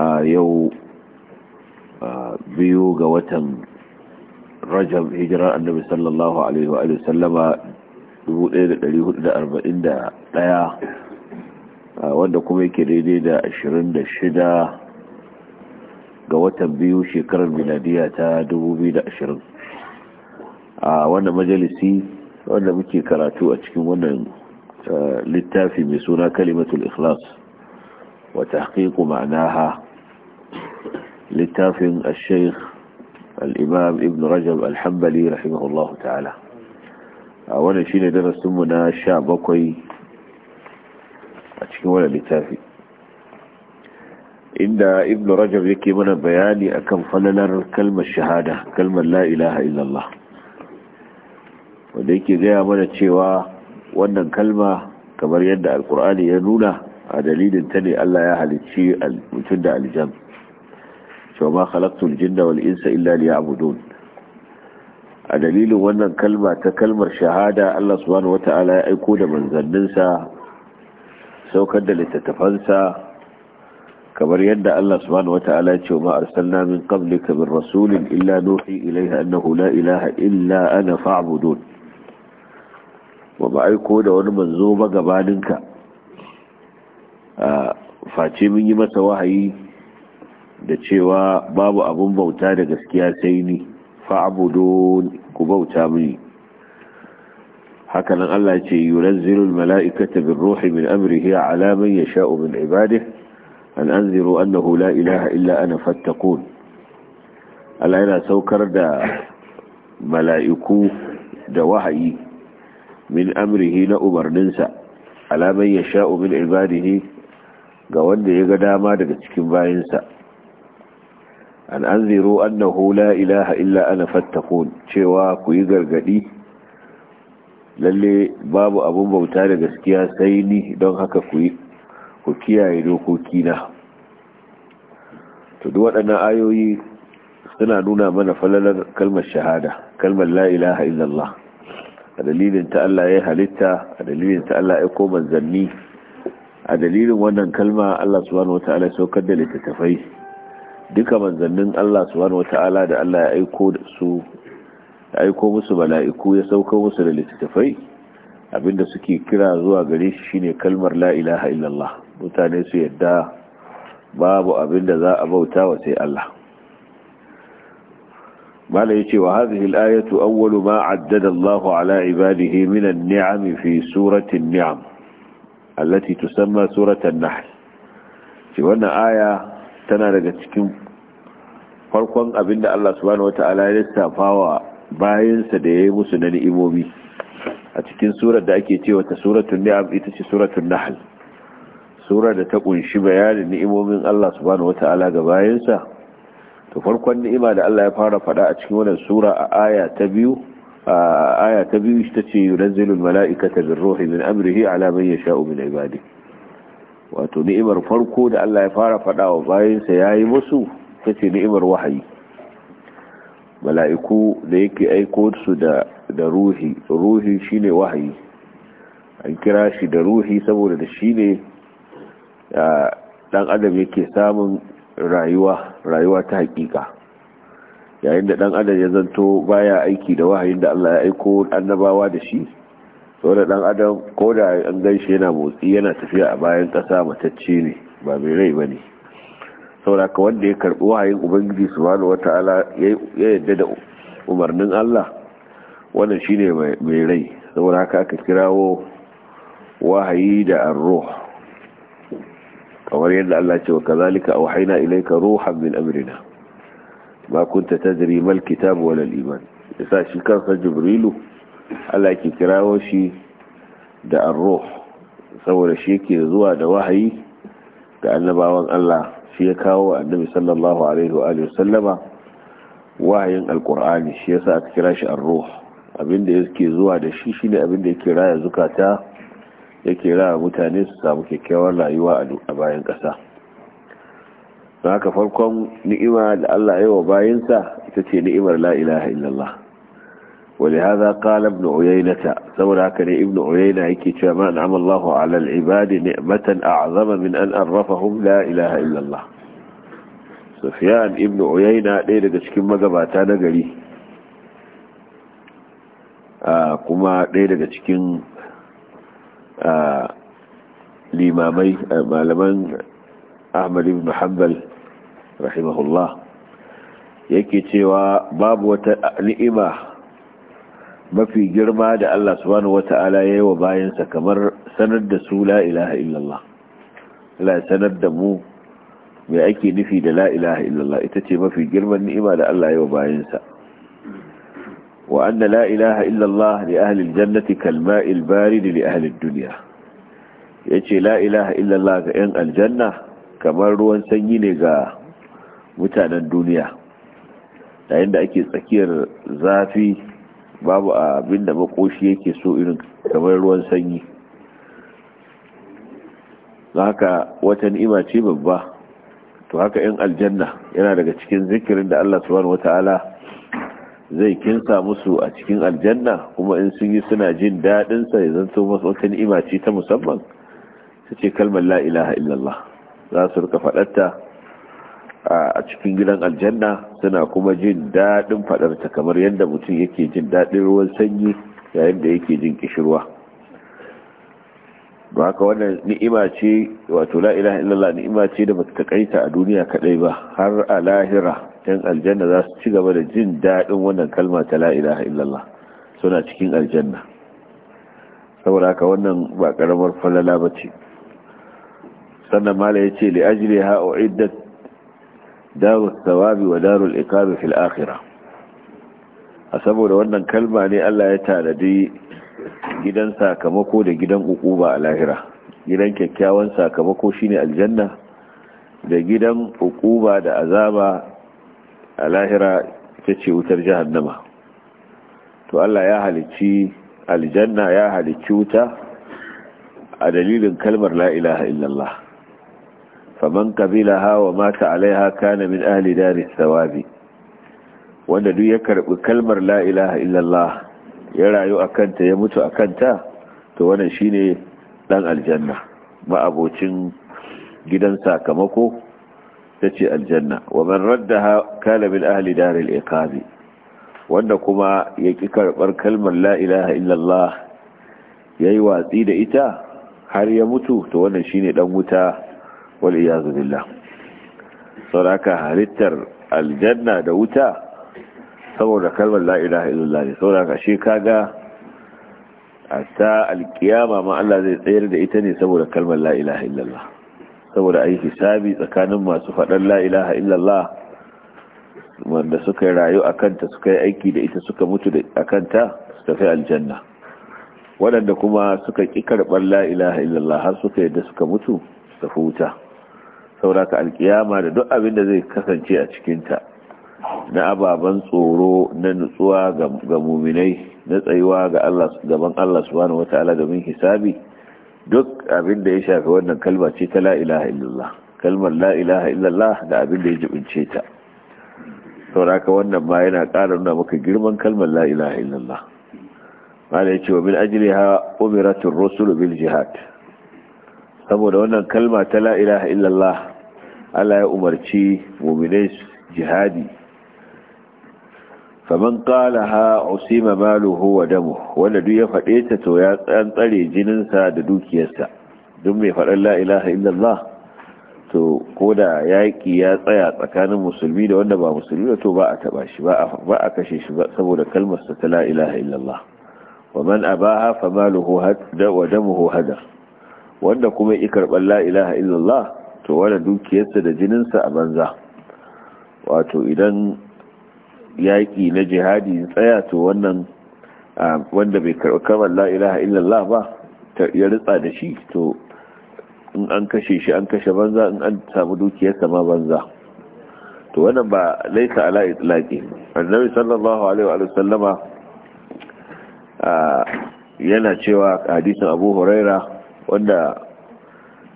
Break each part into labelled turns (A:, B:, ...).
A: a yau biyu ga watan rajab hijirar annabi sallallahu alaihi wa sallama 1441 wanda kuma yake daidai da 26 ga watan biyu shekarar miladiya ta 2020 a wannan majalisi wanda muke karatu a cikin wannan littafi mai suna kalimatul ikhlas wa tahqiqu ma'naha littafin al-sheikh al-imam ibn rajab al-hambali rahimahullahu ta'ala a wannan shine darasinmu na sha bakwai a cikin wannan littafi inda ibn rajab yake mana bayani akan falalar kalmar shahada kalmar la ilaha illallah wanda yake gaya mana cewa wannan kalma kamar yadda alkur'ani ya nuna a dalilin ta ne Allah ya halicci mutum da aljan cewa ma khalaqtul jinna wal insa illa a dalilin wannan kalma ta kalmar shahada Allah subhanahu wata'ala ya aiko da manzanninsa saukar da littattafansa kamar yadda Allah subhanahu wata'ala ya ce ma arsalna min qablika min rasulin illa nuhi ilayhi annahu la ilaha illa ana fa'budun wa ba aiko da wani manzo ba gabaninka a face mun yi masa wahayi da cewa babu abun bauta da gaskiya sai ni fa'budun ku bauta mini hakanan Allah ce mala'ikata almala'ikata ruhi min amrihi ala man yasha'u min ibadihi an anziru annahu la ilaha illa ana fattaqun Allah yana saukar da mala'iku da wahayi min amrihi na umarninsa ala man yasha'u min ibadihi ga wanda ya ga dama daga cikin bayinsa an anziru annahu la ilaha illa ana fattaqun cewa ku yi gargadi lalle babu abun bauta da gaskiya sai ni don haka ku yi ku kiyaye dokokina to duk waɗannan ayoyi suna nuna mana falalar kalmar shahada kalmar la ilaha illallah a dalilin ta Allah ya halitta a dalilin ta Allah ya koma manzanni a dalilin wannan kalma Allah subhanahu wataala ya saukar da littattafai duka manzannin Allah subhanahu wata'ala da Allah ya aiko su aiko musu mala'iku ya sauka musu da littattafai abinda suke kira zuwa gare shi shine kalmar la ilaha illallah mutane su yadda babu abinda za a bauta wa sai Allah mala yace wa hadhihi al-ayatu awwalu ma addada Allah ala ibadihi min an-ni'am fi surati an-ni'am allati tusamma suratan nahl shi wannan aya tana daga cikin farkon abinda Allah subhanahu wata'ala ya lissafa wa bayansa da ya yi musu na ni'imomi a cikin surar da ake cewa ta suratun ni'am ita ce suratun nahl surar da ta kunshi bayanin ni'imomin Allah subhanahu wata'ala ga bayansa to farkon ni'ima da Allah ya fara faɗa a cikin wannan sura a aya ta biyu aya ta biyu ita ce yunzilul mala'ikata ruhi min amrihi ala man yasha'u min ibadihi wato ni'imar farko da Allah ya fara fada wa bayansa ya yi musu ta ni'imar wahayi mala'iku da yake aiko su da ruhi ruhi shine wahayi an kira shi da ruhi saboda da shi ne ɗan adam yake samun rayuwa rayuwa ta hakika yayin da dan adam ya zanto baya aiki da wahayin da Allah ya aiko annabawa da shi so da dan adam ko da an ganshi yana motsi yana tafiya a bayan kasa matacce ne ba mai rai ba ne ka wanda ya karbi wahayin ubangiji subhanahu wata'ala ya yadda da umarnin Allah wannan shine mai rai haka aka kirawo wahayi da ar kamar yadda Allah ce wa kazalika auhayna ilayka ruhan min amrina ba kunta tadri mal kitab wala al-iman yasa shi kansa jibrilu Allah ke kirawo shi da arruh saboda shi ke zuwa da wahayi ga annabawan Allah shi ya kawo annabi sallallahu alaihi wa alihi sallama wahayin alqur'ani shi yasa aka kira shi arruh abinda yake zuwa da shi shine abinda yake raya zukata yake raya mutane su samu kyakkyawar rayuwa a bayan kasa haka farkon ni'ima da Allah ya yi wa bayinsa ita ce ni'imar la ilaha illallah ولهذا قال ابن عيينة سولا كان ابن عيينة يكي ما أنعم الله على العباد نعمة أعظم من أن أرفهم لا إله إلا الله سفيان ابن عيينة ليلة تشكين مقباتا نقلي كما ليلة تشكين limamai malaman ahmad ibn hanbal rahimahullah yake cewa babu wata ni'ima mafi girma da Allah subhanahu wata'ala ya yi wa bayansa kamar sanar da su la ilaha illallah la sanar da mu mai ake nufi da la ilaha illallah ita ce mafi girman ni'ima da Allah ya yi wa bayansa wa anna la ilaha illallah li ahli aljannati kalma'i albarid li ahli ad-dunya yace la ilaha illallah ga yan aljanna kamar ruwan sanyi ne ga mutanen duniya yayin da ake tsakiyar zafi babu abin da makoshi yake so irin kamar ruwan sanyi haka wata ni'ima ce babba to haka yan aljanna yana daga cikin zikirin da Allah subhanahu wataala zai kinsa musu a cikin aljanna kuma in sun yi suna jin daɗinsa sa zan so masu wata ni'ima ce ta musamman su ce kalmar la ilaha illallah za su rika faɗarta a cikin gidan aljanna suna kuma jin daɗin faɗarta kamar yadda mutum yake jin daɗin ruwan sanyi yayin da yake jin kishirwa ba haka wannan ni'ima ce wato la ilaha illallah ni'ima ce da bata takaita a duniya kadai ba har a lahira yan aljanna za su ci gaba da jin daɗin wannan kalma ta la ilaha illallah suna cikin aljanna saboda haka wannan ba karamar falala ba ce sannan mala ya ce li ajli ha'u iddat daru thawabi wa darul iqabi fil akhirah a saboda wannan kalma ne Allah ya tanadi gidan sakamako da gidan ukuba a lahira gidan kyakkyawan sakamako shine aljanna da gidan ukuba da azaba a lahira ita ce wutar jahannama to Allah ya halicci aljanna ya halicci wuta a dalilin kalmar 'La'ilaha illallah faman kabila wa mata alaiha kana min ahli dari wanda duk ya karbi kalmar la ilaha illallah ya rayu akanta ya mutu akanta to wannan shine dan aljanna ma'abocin gidan sakamako tace aljanna wa man raddaha kana min ahli dari wanda kuma ya ƙi karɓar kalmar la'ilaha illallah ya yi watsi da ita har ya mutu to wannan shi ne ɗan wuta wal iyazu billah sauraka halittar aljanna da wuta saboda kalmar La'ilaha illallah ne sauraka shi kaga hatta alkiyama ma Allah zai tsayar da ita ne saboda kalmar La'ilaha illallah saboda ai hisabi tsakanin masu faɗar La'ilaha illallah wanda suka yi rayu a kanta suka yi aiki da ita suka mutu a kanta su tafi aljanna waɗanda kuma suka ƙi karɓar La'ilaha illallah har suka yadda suka mutu su tafi wuta sauraka alkiyama da duk abin da zai kasance a cikinta na ababen tsoro na nutsuwa ga muminai na tsayuwa ga Allah gaban Allah subhanahu wataala domin hisabi duk abin da ya shafi wannan kalma ce ta la ilaha illallah kalmar la ilaha illallah da abin da ya jibince ta sauraka wannan ma yana ƙara nuna maka girman kalmar la ilaha illallah mala yace wa min ajliha umiratur rusul bil jihad saboda wannan kalma ta la ilaha illallah Allah ya umarci mu'minai jihadi faman ha usima maluhu wa damuhu wanda duk ya fade ta to ya tsantsare jininsa da dukiyarsa don mai faɗan la'ilaha illallah to da yaƙi ya tsaya tsakanin musulmi da wanda ba musulmi da to ba a taba shi ba a kashe shi ba saboda kalmar sa ta la'ilaha ilaha illallah wa man abaha famaluhu had wa damuhu hadar wanda kuma ya karɓar la illallah wato wada dukiyarsa da jininsa a banza wato idan yaƙi na jihadi tsaya to wannan wanda bai karɓi kamar la'ilaha illallah ba ya ritsa da shi to in an kashe shi an kashe banza in an samu dukiyarsa ma banza to wannan ba laisa ala itlaqi annabi sallallahu alaihi wa sallama yana cewa hadisin abu huraira wanda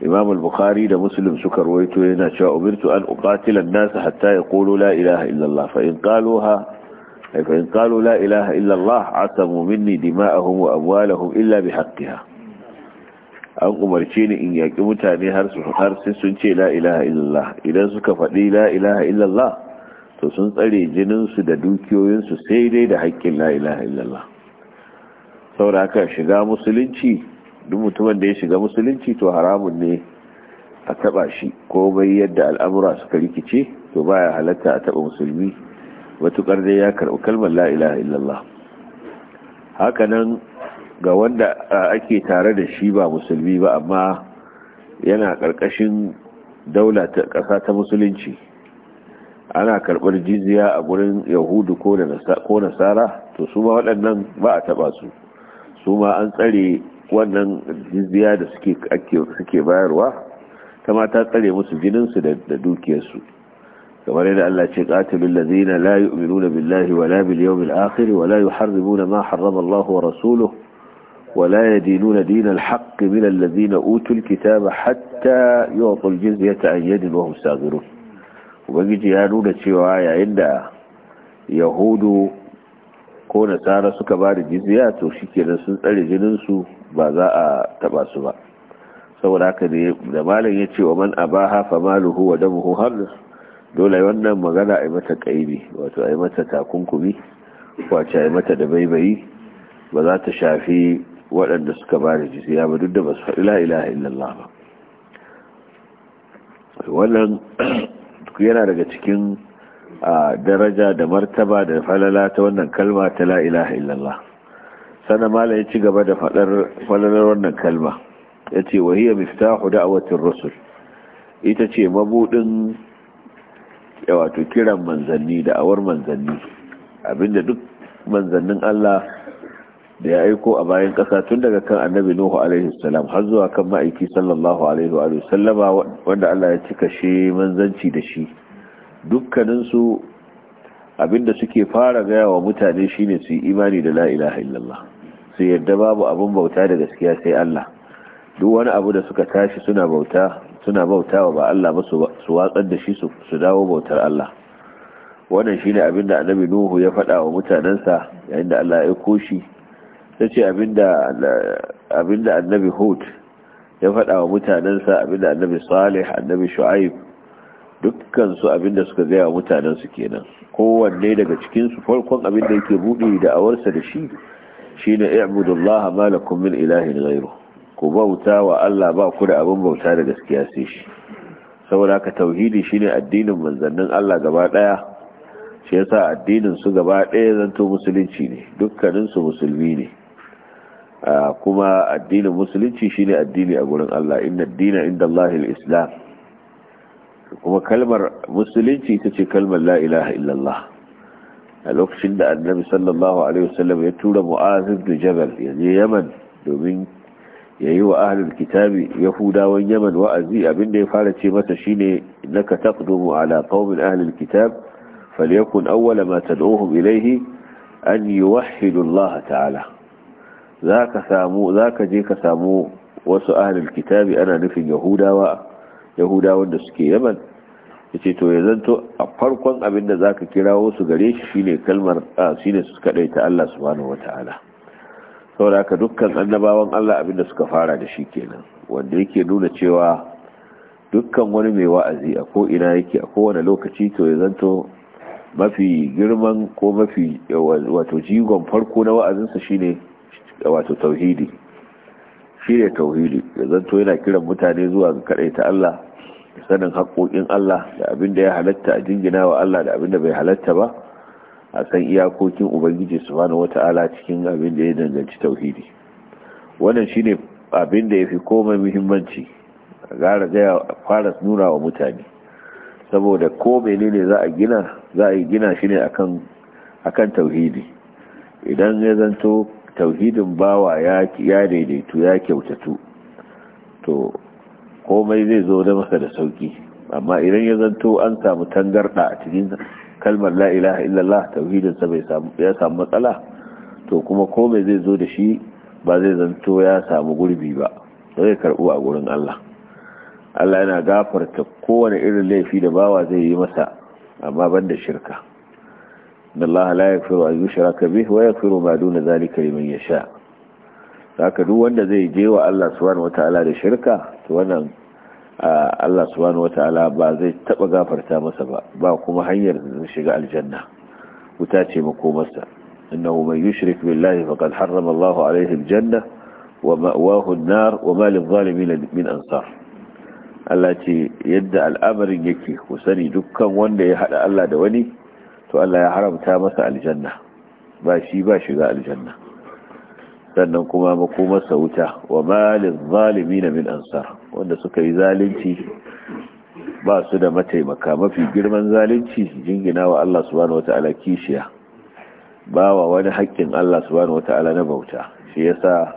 A: imam al-bukhari da muslim suka rawaito yana cewa umirtu an uqatila an-nas hatta yaqulu la ilaha illa Allah fa in qaluha fa in qalu la ilaha illa Allah atamu minni dima'ahum wa amwalahum illa bihaqqiha an umarci ni in yaki mutane har su har sai sun ce la ilaha illa Allah idan suka fadi la ilaha illa Allah to sun tsare jinin su da dukiyoyin su sai dai da haƙƙin la ilaha illa Allah saboda haka shiga musulunci duk mutumin da ya shiga musulunci to haramun ne a taba shi ko bai yadda al'amura suka rikice to baya halatta a taba musulmi matukar dai ya karbi kalmar la ilaha illallah nan ga wanda ake tare da shi ba musulmi ba amma yana ƙarƙashin daula ta ƙasa ta musulunci ana karɓar jizya a gurin yahudu ko nasara to su ma waɗannan ba a taba su su ma an tsare wannan jizya da suke suke bayarwa kama ta tsare musu jininsu da dukiyarsu kamar yadda Allah ce qatilul ladzina la yu'minuna billahi wala bil yawmil akhir wala yuharrimuna ma harrama Allah wa rasuluhu yadinuna ولا يدينون دين الحق من الذين أوتوا الكتاب حتى يعطوا الجزية عن wa hum صاغرون ubangiji ya nuna cewa yayin da yahudu ko nasara suka ba da jizya to shikenan sun tsare jininsu ba za a taba su ba saboda haka ne da malam ya ce wa man hafa malu maluhu wa damuhu harnas dole wannan magana a yi mata kaibi wato a yi mata takunkumi wace a yi mata da baibayi ba za ta shafi waɗanda suka ba da jisiya ba duk da ba su faɗi la'ilaha illallah ba wannan yana daga cikin daraja da martaba da falala ta wannan kalma ta la'ilaha illallah sana mala ya ci gaba da faɗar falalar wannan kalma ya ce wahiyya a watan rasul ita ce mabuɗin wato kiran manzanni awar manzanni abinda duk manzannin Allah da ya aiko a bayan kasa tun daga kan annabi Nuhu alaihi salam har zuwa kan ma'aiki sallallahu alaihi wa sallama wanda Allah ya cika shi manzanci da shi dukkaninsu abinda suke fara gaya wa mutane shine su yi imani da la'ilaha ilaha illallah su yarda babu abin bauta da gaskiya sai Allah duk wani abu da suka tashi suna bauta suna bautawa ba Allah ba su watsar da shi su dawo bautar Allah wannan shine abin da annabi Nuhu ya faɗa wa mutanansa yayin da Allah ya aiko shi da abin da annabi Hud ya faɗa wa abin da annabi Salih annabi Shu'aib dukkan su abinda suka gaya wa mutanensu kenan kowanne daga cikin su farkon abinda yake buɗe da awarsa da shi shine i'budullaha ma lakum min ilahin ghayru ku bauta wa Allah ba ku da abin bauta da gaskiya sai shi saboda ka tauhidi shine addinin manzannin Allah gaba daya shi yasa addinin su gaba daya zanto musulunci ne dukkanin su musulmi ne kuma addinin musulunci shine addini a gurin Allah inna ad-dina inda Allahil islam kuma kalmar musulunci ita ce kalmar Lailaha ilaha illallah a lokacin da annabi sallallahu alaihi wasallam ya tura mu'azin ibn jabal ya je yaman domin ya yi wa ahalin kitabi yahudawan yaman wa'azi abinda ya fara ce masa shine innaka taqdumu ala qaumin ahalin kitab falyakun awwala ma tad'uhum ilayhi an yuwahhidu Allah ta'ala zaka samu je ka samu wasu ahalin kitabi ana nufin yahudawa yahudawan da suke yaman yace to ya zanto a farkon abin da zaka kirawo su gare shi shine kalmar ah, shine su ta Allah subhanahu wataala saboda haka dukkan annabawan Allah abin da suka fara da shi kenan wanda yake nuna cewa dukkan wani mai wa'azi a ko ina yake a kowane lokaci to ya zanto mafi girman ko mafi wato jigon farko na wa'azinsa shine wato tauhidi shine tauhidi ya zanto yana kiran mutane zuwa ga kadaita Allah sanin haƙoƙin Allah da abin da ya halatta a jingina wa Allah da abin da bai halatta ba a san iyakokin ubangiji subhanahu wata'ala cikin abin da ya danganci tauhidi wannan shine abin da yafi komai muhimmanci a gara ga fara nuna wa mutane saboda ko menene za a gina za a gina shi akan akan tauhidi idan ya zanto tauhidin bawa ya ya daidaitu ya kyautatu to komai zai zo da masa da sauki amma idan ya zanto an samu tangarda a cikin kalmar la ilaha illallah tauhidin sa bai samu ya samu matsala to kuma komai zai zo da shi ba zai zanto ya samu gurbi ba zai karbu a gurin Allah Allah yana gafarta kowane irin laifi da bawa zai yi masa amma banda shirka Allah la yaghfiru يغفر أن يشرك به ويغفر ما دون ذلك لمن haka duk wanda zai je wa Allah subhanahu wataala da shirka to wannan Allah subhanahu wataala ba zai taba gafarta masa ba ba kuma hanyar zai shiga aljanna wuta ce makomarsa innahu man yushrik billahi faqad harrama Allahu alayhi aljanna wa ma'wahu an-nar wa ma lil min ansar Allah ce yadda al'amarin yake ku sani dukkan wanda ya hada Allah da wani to Allah ya haramta masa aljanna ba shi ba shiga aljanna sannan kuma makomarsa wuta wa malin zalimi na min ansar wanda suka yi zalunci ba su da mataimaka mafi girman zalunci jingina wa Allah subhanahu wata'ala kishiya ba wa wani haƙƙin Allah subhanahu wata'ala na bauta shi yasa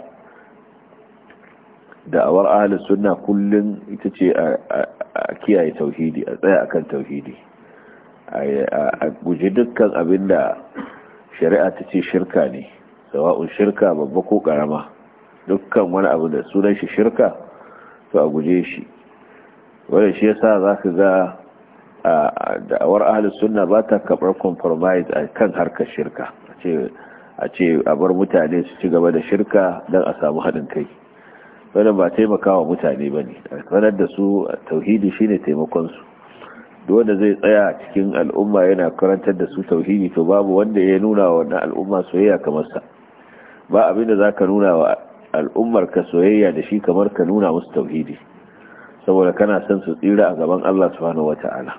A: da'awar ahalin sunna kullum ita ce a kiyaye tauhidi a tsaya akan tauhidi a guji dukkan abinda shari'a ta ce shirka ne sawa'un shirka babba ko karama dukkan wani abu da sunan shi shirka to a guje shi wanda shi yasa ka ga a da'awar ahlus sunna ba ta kabar compromise a kan harkar shirka a ce a bar mutane su ci gaba da shirka don a samu haɗin kai wannan ba taimakawa mutane ba ne sanar da su tauhidi shine taimakonsu wanda zai tsaya cikin al'umma yana karantar da su tauhidi to babu wanda ya nuna wa wannan al'umma soyayya kamar sa ba abinda za ka nuna wa al'ummar ka soyayya da shi kamar ka nuna musu tauhidi saboda kana son su tsira a gaban Allah subhanahu wata'ala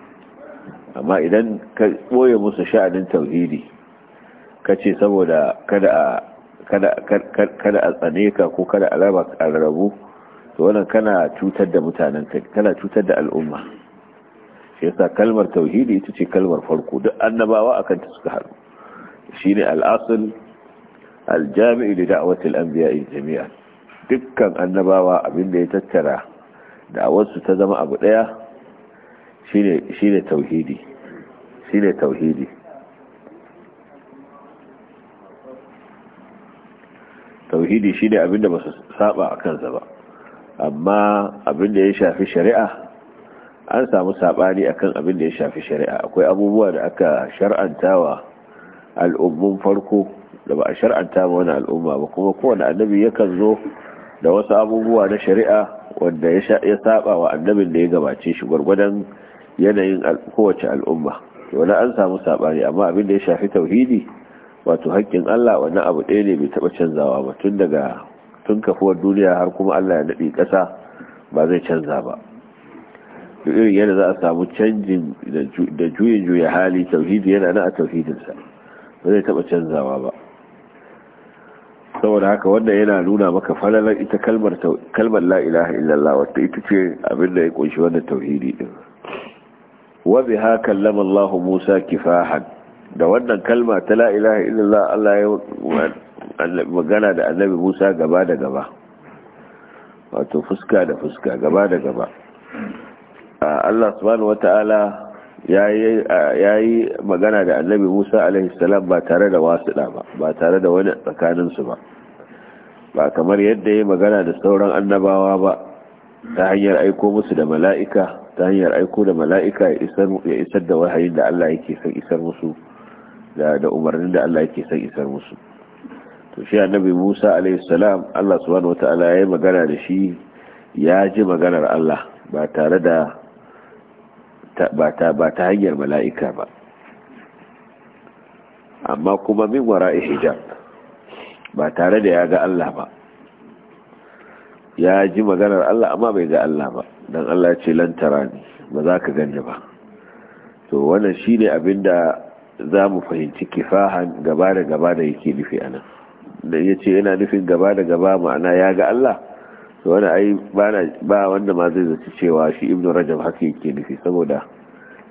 A: amma idan ka boye musu sha'anin tauhidi ka ce saboda kada a kada a tsane ka ko kada alaba a rarrabu to wannan kana cutar da mutanen ka kana cutar da al'umma shi yasa kalmar tauhidi ita ce kalmar farko duk annabawa akan ta suka haɗu shine al'asul aljami'i da da'awatul anbiya'i jami'a dukkan annabawa abinda ya tattara wasu ta zama abu daya shine shine tauhidi shine tauhidi tauhidi shine abinda ba su saba a kansa ba amma abinda ya shafi shari'a an samu sabani akan abinda ya shafi shari'a akwai abubuwa da aka shar'antawa al'ummun farko da ba a shar'anta ma wani al'umma ba kuma kowane annabi yakan zo da wasu abubuwa na shari'a wanda ya saba wa annabin da ya gabace shi gwargwadon yanayin kowace al'umma wani an samu sabani amma abin da ya shafi tauhidi wato hakkin Allah wani abu ɗaya ne bai taɓa canzawa ba tun daga tun kafuwar duniya har kuma Allah ya naɗi ƙasa ba zai canza ba duk irin yana za a samu canjin da juyin juya hali tauhidi yana na a tauhidinsa ba zai taɓa canzawa ba saboda haka wanda yana nuna maka falalar ita kalmar kalmar la ilaha illallah wata ita ce abin da ya kunshi wannan tauhidi din wa biha kallama Allah Musa kifahan da wannan kalma ta la ilaha illallah Allah ya magana da Annabi Musa gaba da gaba wato fuska da fuska gaba da gaba ah, Allah subhanahu wataala ya yi magana da annabi musa alaihissalam ba tare da wasu ba ba tare da wani tsakaninsu ba ba kamar yadda ya yi magana da sauran annabawa ba ta hanyar aiko musu da mala'ika ta hanyar aiko da mala'ika ya isar da wahayin da allah yake son isar musu da umarnin da allah yake son isar musu to shi annabi musa alaihissalam allah subhanahu wataala ya yi magana da shi ya ji maganar allah ba tare da ba ta hanyar mala'ika ba amma kuma min wara'i hijab ba tare da ya ga Allah ba ya ji maganar Allah amma bai ga Allah ba don Allah ce lantara ne ba za ka gani ba to wannan shi ne da za mu fahimci kifahan gaba da gaba da yake nufi ana da ya ce yana nufin gaba da gaba ma'ana ya ga Allah wani ai ba wanda ma zai zaci cewa shi ibn rajab haka yake nufi saboda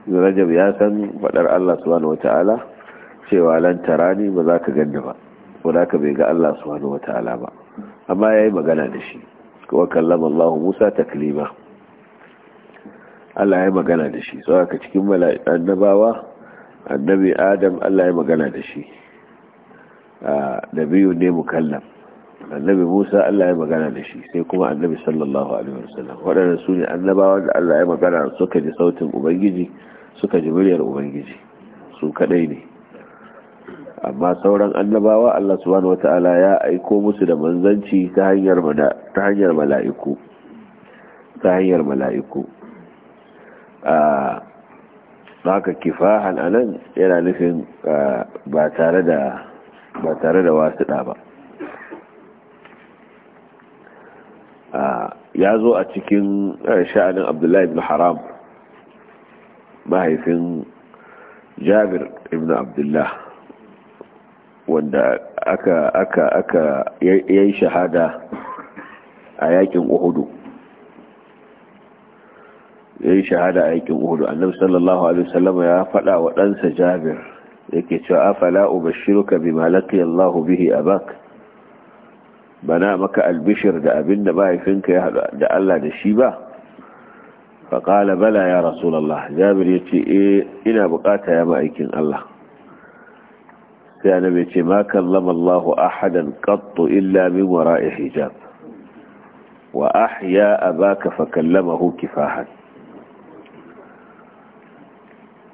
A: ibn rajab ya san faɗar allah subhanahu wata'ala cewa lan tarani ba za ka ganni ba ko da ka bai ga allah subhanahu wata'ala ba amma ya yi magana da shi wa kallama allah musa taklima allah ya yi magana da shi so haka cikin annabawa annabi adam allah ya yi magana da shi da ah, biyu ne mukallam annabi Musa Allah ya magana da shi sai kuma annabi sallallahu alaihi wasallam waɗanda su ne annabawan da Allah ya magana suka ji sautin ubangiji suka ji muryar ubangiji su kadai ne amma sauran annabawa Allah subhanahu wataala ya aiko musu da manzanci ta hanyar ta mala'iku ta hanyar mala'iku a haka kifahan anan yana nufin ba tare da ba tare wasu ba ya zo a cikin eh, sha'anin abdullahi ibn haram mahaifin jabir ibn abdullah wanda aka aka aka yayi shahada a yakin uhudu yayi shahada a yakin uhudu annabi sallallahu alaihi wasallam ya faɗa wa ɗansa jabir yake cewa afala ubashiruka bima laqiya Allah bihi bana maka albishir da abin da mahaifinka ya haɗu da Allah da shi ba faƙala bala ya rasulallah jabir ya ce e ina bukata ya ma'aikin Allah sai annabi ce ma kallama Allahu ahadan qattu illa min wara'i hijab wa baka abaka fa kallamahu kifahan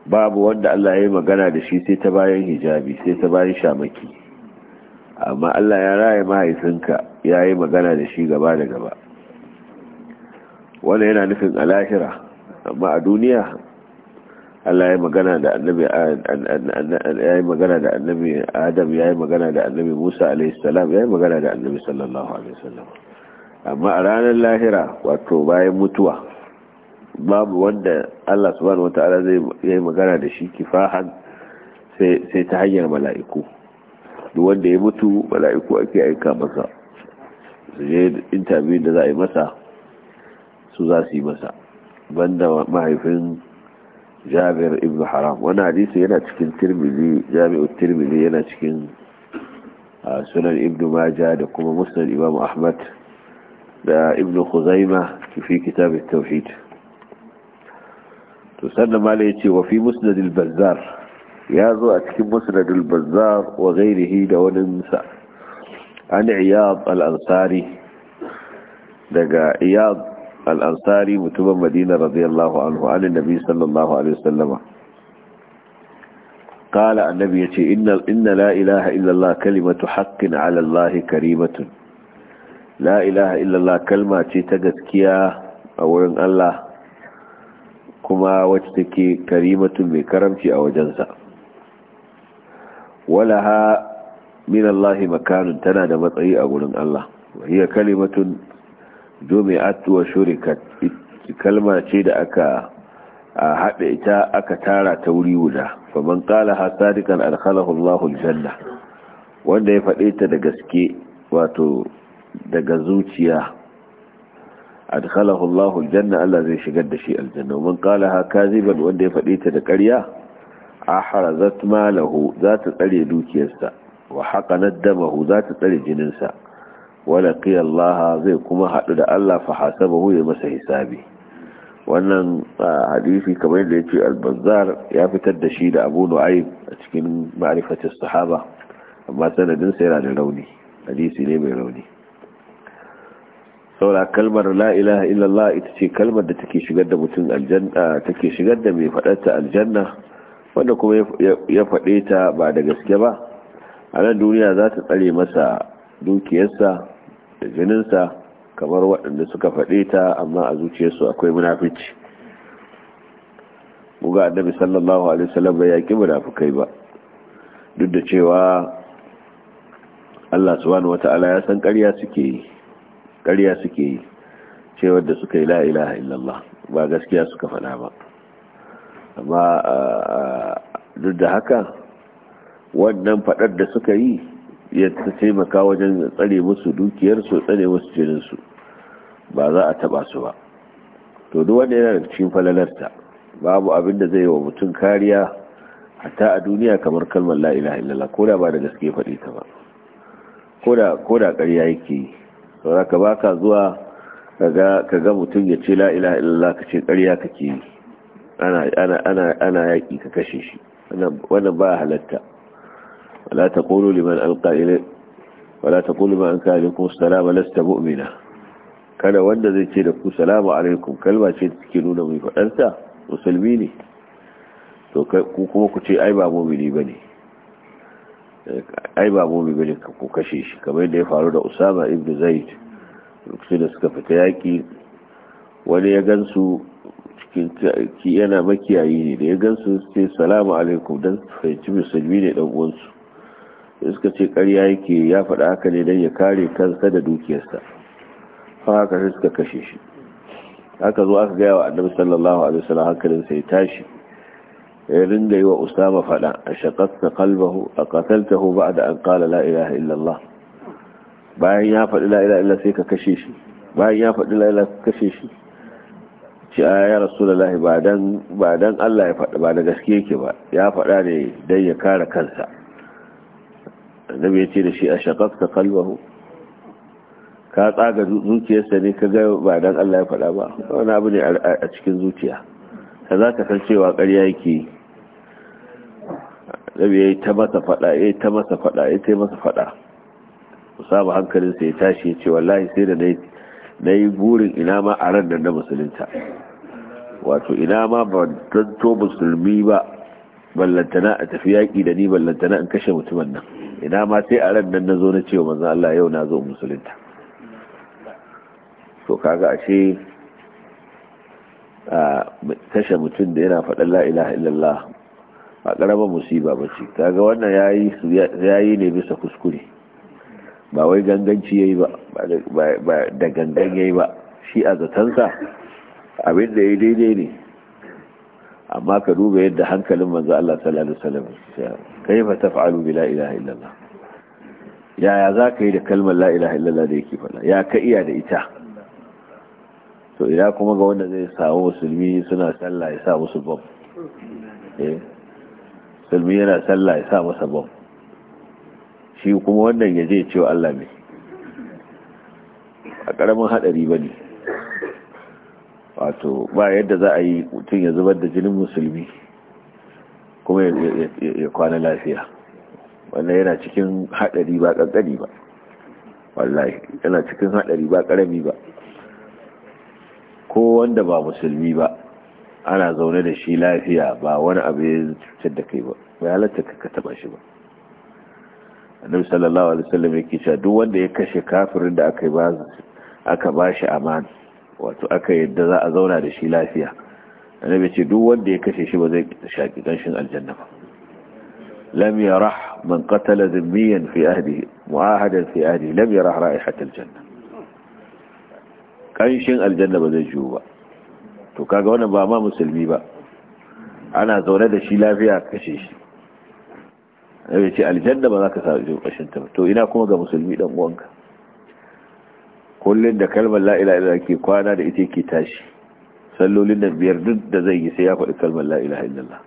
A: babu wanda Allah ya yi magana da shi sai ta bayan hijabi sai ta bayan shamaki amma Allah ya raya mahaifinka ya yi magana da shi gaba da gaba wannan yana nufin a lahira amma a duniya Allah ya yi magana da annabi Adam ya yi magana da annabi Musa alaihissalam ya yi magana da annabi sallallahu alaihi wasallam amma a ranar lahira wato bayan mutuwa babu wanda Allah subhanahu wataala zai yi magana da shi kifahan sai ta hanyar mala'iku duk wanda ya mutu mala'iku ake aika masa su je interview da za a yi masa su za su yi masa banda mahaifin Jami'ar ibn haram wani hadisi yana cikin tirmidhi jami'u tirmidhi yana cikin sunan ibn Maja da kuma musnad imam ahmad da ibn khuzaima fi kitab at-tauhid to sannan malai ya wa fi musnad al-bazzar ya zo a cikin musnadul bazzar wa ghairihi da waninsa an iyad al-ansari daga iyad al-ansari mutumin madina radiyallahu anhu an nabi sallallahu alaihi wasallam قال النبي يتي إن, إن لا إله إلا الله كلمة حق على الله كريمة لا إله إلا الله كلمة تتذكية أولا الله كما mai karamci a أو sa. walaha min Allah makanun tana da matsayi a gurin Allah hiya kalimatun jumi'at wa shurikat kalmar ce da aka haɗe ita aka tara ta wuri wuda guda faman qala hasadikan adkhalahu Allahu janna wanda ya faɗe ta da gaske wato daga zuciya adkhalahu Allahu janna Allah zai shigar da shi aljanna man qala ha kaziban wanda ya faɗe ta da ƙarya ahrazat malahu za ta tsare dukiyarsa wa haqanat damahu za ta tsare jininsa wala qiya zai kuma hadu da Allah fa hasabahu ya masa hisabi wannan hadisi kamar yadda yace al-Bazzar ya fitar da shi da Abu Nu'aym a cikin ma'rifatu sahaba amma sanadin sa yana da rauni hadisi ne mai rauni saboda kalmar la ilaha illallah ita ce kalmar da take shigar da mutum aljanna take shigar da mai ta aljanna wanda kuma ya faɗe ta ba da gaske ba a nan duniya za ta tsare masa dukiyarsa da jininsa kamar waɗanda suka faɗe ta amma a zuciyarsu akwai munafici buga annabi sallallahu alaihi wasallam bai yaki munafikai ba duk da cewa Allah subhanahu wata'ala ya san ƙarya suke yi ƙarya cewa da suka yi la ilaha illallah ba gaskiya suka faɗa ba amma duk da haka wannan fadar da suka yi ya taimaka wajen tsare musu dukiyarsu tsare musu jininsu ba za a taba su ba to duk wanda yana da cikin falalarta babu abin da zai yi wa mutum kariya hatta a duniya kamar kalmar la ilaha illallah ko da ba da gaske faɗi ta ba ko da ƙarya yake yi ka ba ka zuwa ka ga mutum ya ce la ilaha ka ce ƙarya kake yi ana yaƙi ka kashe shi wannan ba halatta wala ta ƙulu liman alƙa'ilin wala ta ƙulu liman alƙa'ilin salama lasta mu'mina kada wanda zai ce da ku salamu alaikum kalma ce da suke nuna mai faɗarta musulmi ne to kuma ku ce ai ba mumini ba ne ai ba mumini ba ne ku kashe shi kamar yadda ya faru da usama ibn zaid lokacin da suka fita yaƙi wani ya gansu ki yana makiyayi ne da ya gansu ce salamu alaikum don fahimci musulmi ne dan uwansu da suka ce karya yake ya faɗa haka ne don ya kare kansa da dukiyarsa fa haka sai suka kashe shi haka zo aka gaya wa annabi sallallahu alaihi wasallam hankalin sai tashi ya ringa yi wa usama faɗa a shaqatta qalbahu a qataltahu da an qala la ilaha illallah bayan ya faɗi la ilaha illa sai ka kashe shi bayan ya faɗi la ilaha kashe shi ya rasu da lahi ba dan Allah ya faɗa ba da gaske yake ba ya faɗa ne don ya kare kansa da ya ce da shi a shaqaqta kalbahu ka tsaga zuciyarsa ne ka gaya ba dan Allah ya faɗa ba wani abu ne a cikin zuciya ka za ka san cewa ƙarya yake annabi ya yi ta masa faɗa ya yi ta masa faɗa ya yi ta masa faɗa musaba hankalinsa ya tashi ya ce wallahi sai da na yi na yi burin ina ma a ran na musulunta wato ina ma ba to musulmi ba ballantana a tafi yaƙi da ni ballantana in kashe mutumin nan ina ma sai a ran nan na zo na ce wa manzan Allah yau na zo musulunta to kaga ashe a kashe mutum da yana faɗin la'ilaha illallah a ƙaramar musiba ba ce kaga wannan yayi ne bisa kuskure ba wai ganganci ya ba ba da gangan yi ba shi a zatansa abin da yayi daidai ne amma ka duba yadda hankalin manzo Allah sallallahu alaihi wasallam kaifa taf'alu la ilaha illallah yaya za ka yi da kalmar la ilaha illallah da yake faɗa ya ka iya da ita to ina kuma ga wanda zai samu musulmi suna sallah ya sa musu bom eh? musulmi yana sallah ya sa musu bom shi kuma wannan ya je cewa Allah mai a ƙaramin haɗari ba ne wato ba yadda za a yi mutum ya zubar da jinin musulmi kuma ya kwana lafiya wannan yana cikin haɗari ba ƙanƙani ba wallahi yana cikin haɗari ba ƙarami ba ko wanda ba musulmi ba ana zaune da shi lafiya ba wani abu ya cutar da kai ba Ba ya halatta ka taɓa shi ba annabi sallallahu alaihi wasallam yake cewa duk wanda ya kashe kafirin da aka ba aka bashi amana wato aka yadda za a zauna da shi lafiya annabi ce duk wanda ya kashe shi ba zai shaki ganshin aljanna ba lam yarah man qatala dhimmiyan fi ahdihi muahadan fi ahdihi lam yarah ra'ihat aljanna kanshin aljanna ba zai jiwo ba to kaga wannan ba ma musulmi ba ana zaune da shi lafiya kashe shi ya ce aljanna ba za ka sami ido kashin ta to ina kuma ga musulmi dan uwanka kullum da kalmar la'ila ila ke kwana da ita ke tashi sallolin da biyar duk da zai yi sai ya faɗi kalmar la'ila ilaha illallah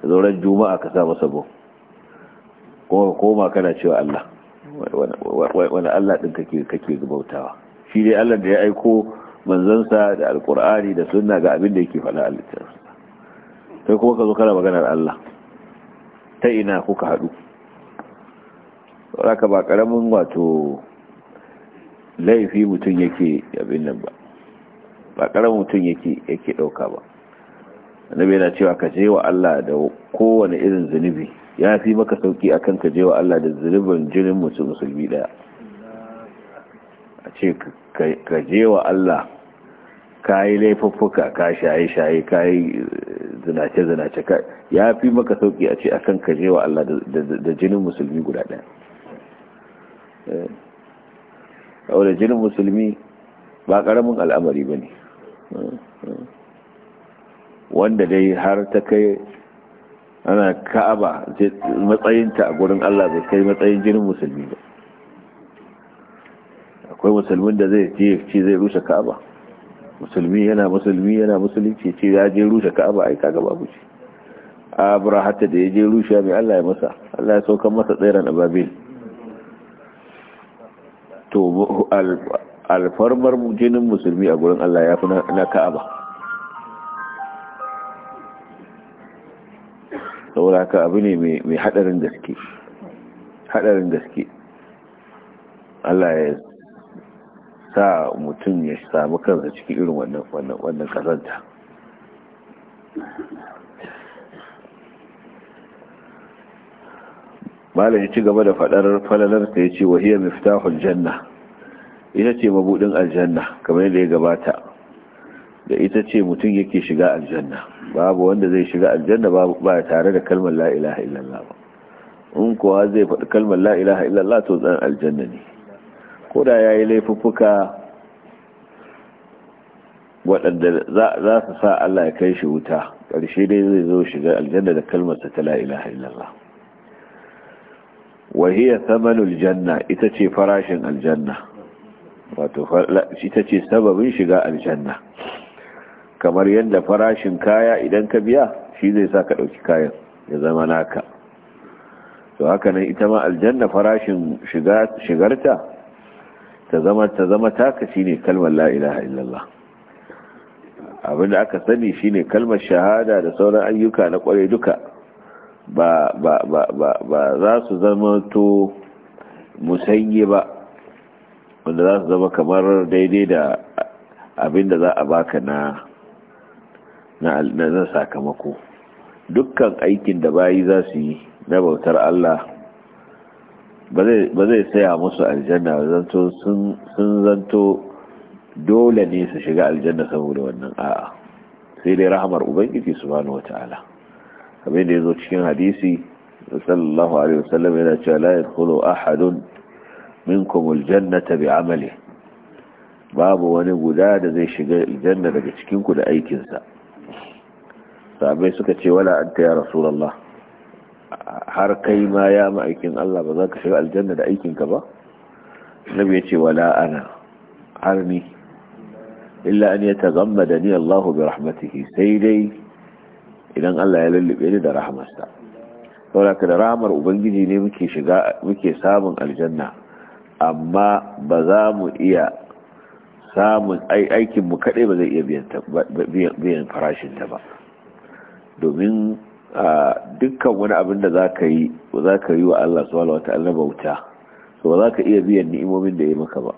A: ta zauren juma'a ka sa masa kuma kuma koma kana cewa Allah wani Allah ɗin kake bautawa shi dai Allah da ya aiko manzansa da alkur'ani da sunna ga abin da yake faɗa a littafin sai kuma ka zo kana maganar Allah ta ina kuka haɗu raka ba ƙaramin wato laifi mutum yake abin nan ba ba ƙaramin mutum yake ɗauka ba annabi yana cewa ka je wa Allah da kowane irin zunubi ya fi maka sauki akan ka je wa Allah da zunubin jinin mutum musulmi ɗaya. a ce ka je wa Allah ka yi laifuffuka ka shaye-shaye eh, ka yi zinace-zinace ya fi maka sauki a ce akan ka wa Allah da jinin musulmi guda ɗaya eh, da jinin musulmi ba ƙaramin al'amari ba ne wanda dai har ta kai ana ka'aba matsayinta a gurin Allah zai kai matsayin jinin musulmi ba akwai musulmin da zai ce zai rusa ka'aba musulmi yana musulmi yana musulunci ce ya je rushe ka'aba ai kaga babu shi abra hatta da ya je rushe mai Allah ya masa Allah ya saukar masa tsairan ababil to alfarmar jinin musulmi a gurin Allah ya fi na ka'aba saboda ka abu ne mai hadarin gaske hadarin gaske Allah ya sa mutum ya samu kansa cikin irin wannan wannan kasanta malam ya ci gaba da fadar falalar ta yace fita miftahul janna ita ce mabudin aljanna kamar yadda ya gabata da ita ce mutum yake shiga aljanna babu wanda zai shiga aljanna ba tare da kalmar la ilaha illallah ba in kuwa zai faɗi kalmar la ilaha illallah to zan aljanna ne Kuda ya yi laifuffuka waɗanda za su sa Allah ya kai shi wuta ƙarshe dai zai zo shiga aljanna da kalmarsa ta la'ilaha illallah wahiyar samanul janna ita ce farashin aljanna wato ita ce sababin shiga aljanna kamar yadda farashin kaya idan ka biya shi zai sa ka ɗauki kayan ya zama naka to haka nan ita ma aljanna farashin shigarta ta zama ta zama taka shine kalmar la ilaha illallah abinda aka sani shine kalmar shahada da sauran ayyuka na kware duka ba ba ba ba ba za su zama to musanye ba wanda za su zama kamar daidai da abinda za a baka na na na sakamako dukkan aikin da bayi za su yi na bautar Allah ba zai saya musu aljanna zanto sun zanto dole ne su shiga aljanna saboda wannan a'a sai dai rahamar ubangiji wa ta'ala. abin da ya zo cikin hadisi sallallahu alaihi wasallam yana cewa la yadkhulu ahadun minkum aljannata bi'amali babu wani guda da zai shiga aljanna daga cikin ku da aikin sa suka ce wala anta ya rasulullah har kai ma ya ma aikin Allah ba za ka shiga aljanna da aikinka ba nabi ya ce wala ana har ni illa an ya ni Allahu bi rahmatihi sai dai idan Allah ya lullube ni da rahmarsa saboda da rahmar ubangiji ne muke shiga muke samun aljanna amma ba za mu iya samun aikinmu kaɗai ba zai iya biyan farashinta ba domin dukkan wani abin da za ka yi wa Allah subhanahu wa ta'ala bauta so za ka iya biyan ni'imomin da ya maka ba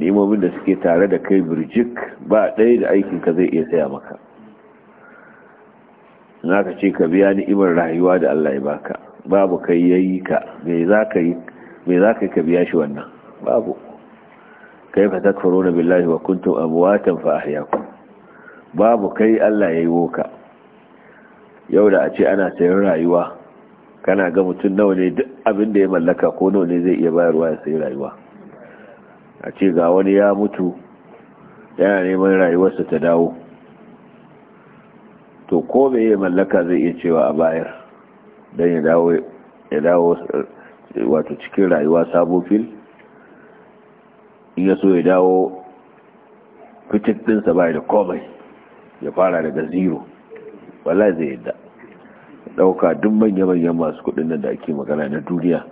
A: ni'imomin da suke tare da kai birjik ba ɗaya da aikin ka zai iya saya maka na ka ce ka biya ni'imar rayuwa da Allah ya baka babu kai yayi ka ka za ka yi ka biya shi wannan babu kai fa takfuruna billahi wa kuntum amwatan fa ahyaakum babu kai Allah ya yi woka yau da a ce ana sayan rayuwa kana ga mutum nawa ne duk abin da ya mallaka ko nawa ne zai iya bayarwa ya sayi rayuwa a ce ga wani ya mutu yana neman rayuwarsa ta dawo to ko me ya mallaka zai iya cewa a bayar don ya dawo ya dawo wato cikin rayuwa sabo fil in ya so ya dawo fitik ɗinsa da komai ya fara daga zero wala zai yadda dauka duk manya-manyan masu kudin nan da ake magana na duniya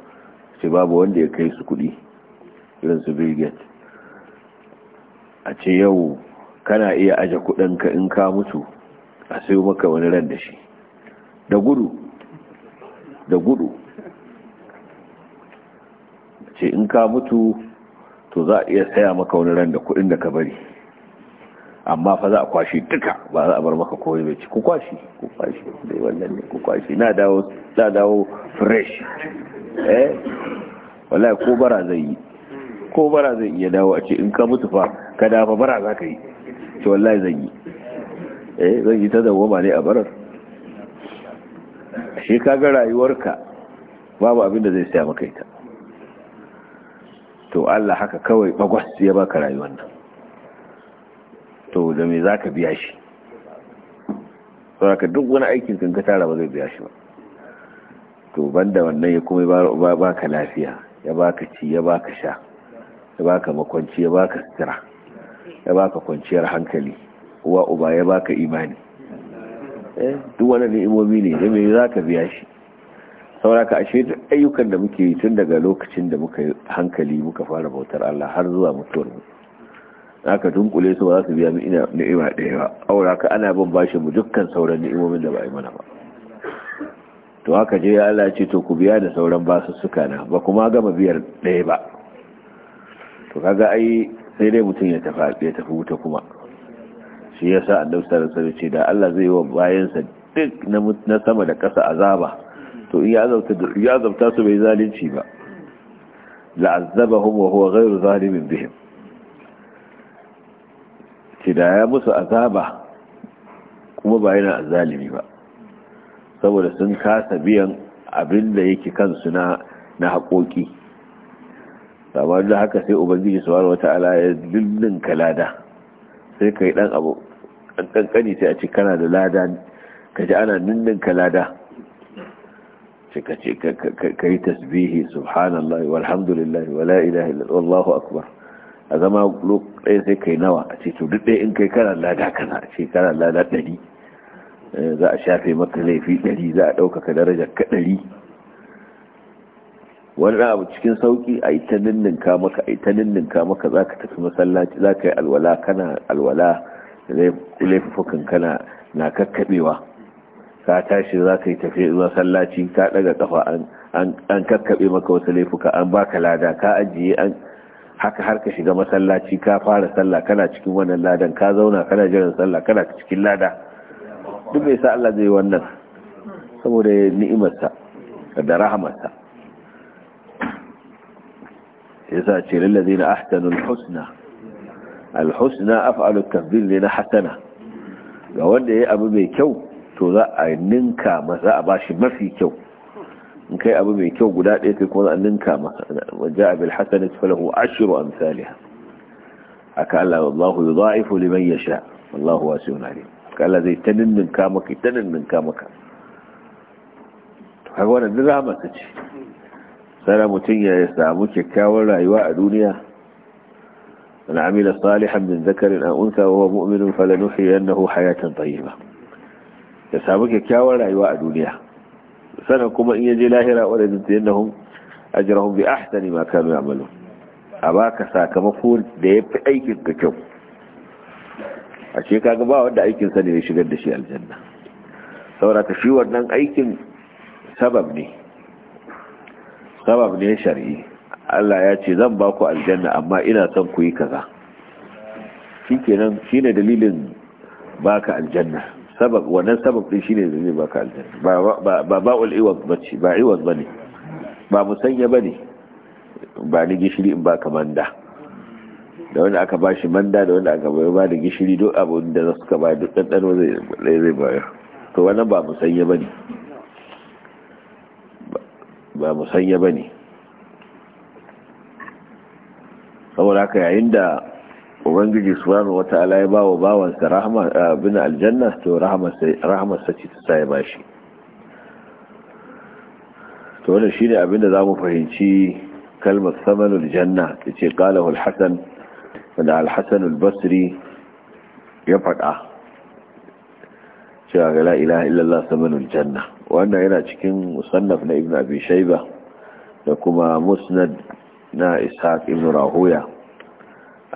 A: sai babu wanda ya kai su kudi irin su bill a ce yau kana iya aje kudinka in ka mutu a sai maka wani ran da shi da gudu da gudu ce in ka mutu to za a iya saya maka wani ran da kudin da ka bari amma fa za a kwashi duka ba za a bar maka koyi bai ci ku kwashi ku kwashi dai wannan ne ku kwashi na dawo na dawo fresh eh wallahi ko bara zai yi ko bara zai iya dawo a ce in ka mutu fa ka dafa bara za ka yi ce wallahi zai yi eh zai yi ta dawoma ne a barar shi ka ga rayuwarka babu abin da zai saya maka ita to Allah haka kawai bagwas ya baka rayuwar nan to da me za ka biya shi saboda duk wani aikin kan ka tara ba zai biya shi ba to banda wannan ya kuma ba baka lafiya ya baka ci ya baka sha ya baka makwanci ya baka sutura ya baka kwanciyar hankali uwa uba ya baka imani eh duk wani ni'imomi ne da me za ka biya shi ka ashe duk ayyukan da muke yi tun daga lokacin da muka hankali muka fara bautar Allah har zuwa mutuwar mu za ka dunkule su ba za su biya ina ni'ima ɗaya ba aura ka ana bin bashi mu dukkan sauran ni'imomin da ba a yi mana ba to haka je ya Allah ce to ku biya da sauran basussuka na ba kuma gama biyar ɗaya ba to kaga ai sai dai mutum ya tafi ya tafi wuta kuma shi yasa annabi sallallahu alaihi ce da Allah zai yi wa bayansa duk na sama da ƙasa azaba to in ya azabta ya azabta su bai zalunci ba la'azzabahum wa huwa ghairu zalimin bihim ce da ya musu azaba kuma ba yana zalimi ba saboda sun kasa biyan abin da yake kansu na na haƙoƙi saboda da haka sai ubangiji subhanahu wataala ya dillin ka lada sai kai dan abu kankani sai a ce kana da lada ka ji ana dillin lada sai ka yi tasbihi subhanallah walhamdulillah wala ilaha illallah wallahu akbar a zama ɗaya sai kai nawa a ce to duk ɗaya in kai kana lada kana a ce kana lada ɗari eh, za a shafe maka laifi ɗari za a ɗaukaka darajar ka ɗari wani abu cikin sauki a ita ta ninninka maka a ita ta ninninka maka za ka tafi masallaci za ka yi alwala kana alwala laifukan kana na kakkaɓewa ka tashi za ka yi tafi masallaci ka ɗaga ƙafa an kakkaɓe maka wasu laifuka an baka lada ka ajiye an haka har ka shiga masallaci ka fara sallah kana cikin wannan ladan ka zauna kana jiran sallah kana cikin lada duk bai sa Allah zai wannan saboda ni'imarsa da rahamarsa yasa ce lillazina ahsanu alhusna alhusna af'alu at ne lana hasana ga wanda yayi abu mai kyau to za a ninka masa a bashi mafi kyau in kai abu mai kyau guda ɗaya kai kuma an ninka masa wajen abin hasanin falahu ashiru amsaliha haka Allah wallahu yi za'ifu liman ya sha wallahu wasu yunari haka Allah zai ta ninninka maka ta ninninka maka haka wani duk rahama ce sana mutum ya samu kyakkyawar rayuwa a duniya من عمل صالحا من ذكر أو أنثى وهو مؤمن فلنحيينه Ya samu kyakkyawar rayuwa a duniya. sanan kuma in yaje lahira wa rajin yannahum ajrahum bi ahsani ma kanu ya'malu a baka sakamako da yafi aikin ka kyau a ce kaga ba wanda aikin sa ne ya shigar da shi aljanna saboda ka shi wannan aikin sabab ne sabab ne shar'i Allah ya ce zan ba ku aljanna amma ina son ku yi kaza shikenan shine dalilin baka aljanna sabab wannan sabab din shine zai baka aljanna ba ba ba ul iwaz bace ba iwaz bane ba musanya bane ba ni gishiri in ba ka manda da wanda aka bashi manda da wanda aka bayar ba da gishiri duk abin da za su ka bayar duk ɗanɗano zai zai bayar to wannan ba musanya bane ba musanya bane saboda haka yayin da ubangiji subhanahu wata'ala ya bawa bawansa rahama bin aljanna to rahamarsa ce ta sa ba shi to wannan shine za zamu fahimci kalmar samanul janna tace qalahu al da al albasri ya faɗa cewa ga la ilaha illallah samanul janna wannan yana cikin musannaf na Ibn abi shayba da kuma musnad na ishaq ibn rahuya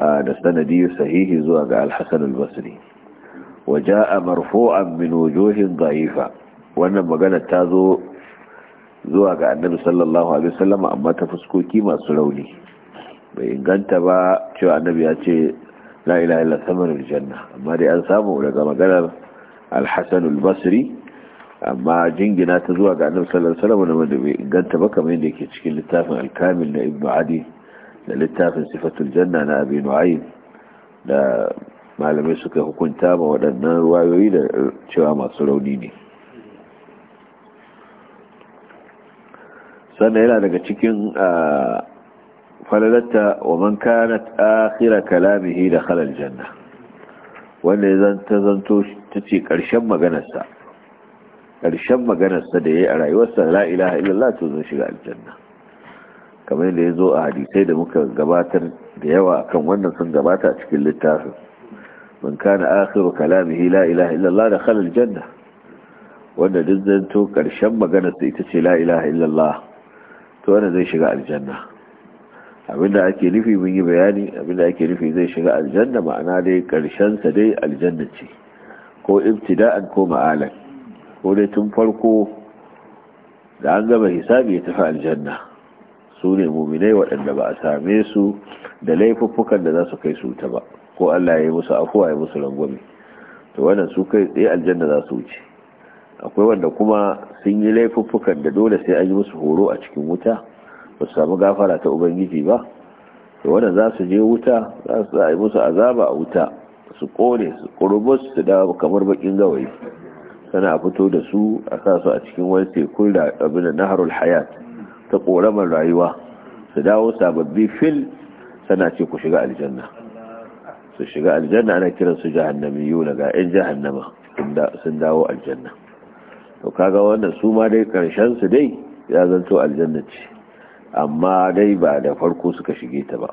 A: da sanadi sahihi zuwa ga al-hasan al-basri wa jaa marfu'an min wujuhin dha'ifa wannan magana ta zo zuwa ga annabi sallallahu alaihi wasallam amma ta fuskoki masu rauni bai inganta ba cewa annabi ya ce la ilaha illa janna amma dai an samu daga maganar al-hasan al-basri amma jingina ta zuwa ga annabi sallallahu alaihi wasallam wanda bai inganta ba kamar yadda yake cikin littafin al-kamil na ibnu adi da littafin sifatul janna na abin nu'aym da malamai suka hukunta ma waɗannan ruwayoyi da cewa masu rauni ne sannan yana daga cikin falalatta wa man kana akhira kalamihi da khalal janna wanda ya zanta zanto ta ce ƙarshen maganarsa ƙarshen maganarsa da ya yi a rayuwarsa la ilaha illallah to zan shiga aljanna kamar da ya zo a hadisai da muka gabatar da yawa akan wannan sun gabata cikin littafin man kana akhiru kalamihi la ilaha illallah da khalal janna wanda duk to karshen magana sai ita ce la ilaha illallah to wanda zai shiga aljanna abinda ake nufi mun yi bayani abinda ake nufi zai shiga aljanna ma'ana dai karshen sa dai aljanna ce ko ibtida'an ko ma'alan ko dai tun farko da an gama hisabi ya tafi aljanna su ne muminai waɗanda ba a same su da laifuffukan da za su kai su ta ba ko Allah ya yi musu afuwa ya musu rangwami to wannan su kai tsaye aljanna za su wuce akwai wanda kuma sun yi laifuffukan da dole sai an yi musu horo a cikin wuta ba su samu gafara ta ubangiji ba to wannan za su je wuta za su yi musu azaba a wuta su kone su kurbus su da kamar bakin gawayi sana a fito da su a sa su a cikin wani tekun da abin da naharul hayat ta ƙoramar rayuwa su dawo sababbi fil sana ce ku shiga aljanna su shiga aljanna ana kiran su jahannamiyu daga yan jahannama sun dawo aljanna to kaga wannan su ma dai karshen su dai ya zanto aljanna ce amma dai ba da farko suka shige ta ba